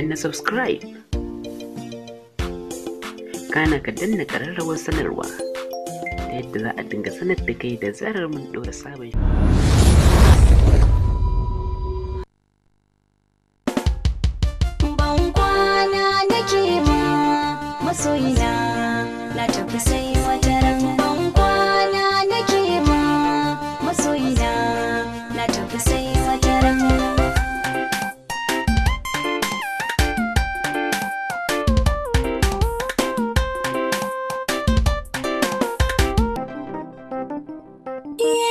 danna subscribe kana ka danna ƙararrawar sanarwa ta yadda za a dinga sanar da kai da zarar mun ɗora sabon masoyina na tafi sai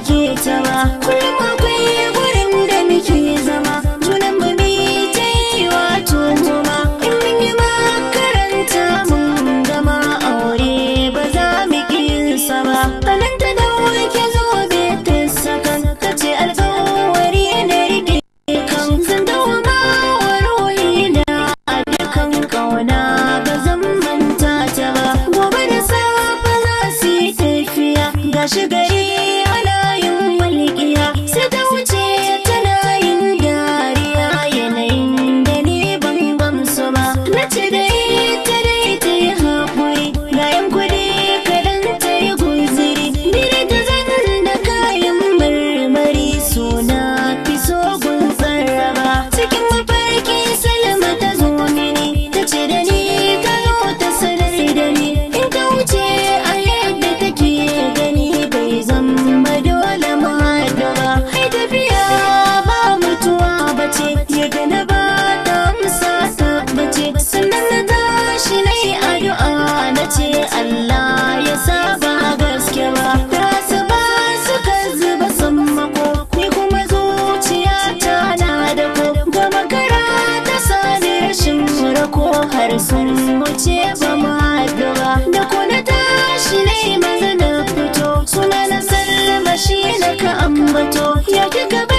ɗauke ta ba. har sun wuce ba mu haɗu ba da ku na tashi ne maza na fito suna na sallama shi na ka ambato ya kika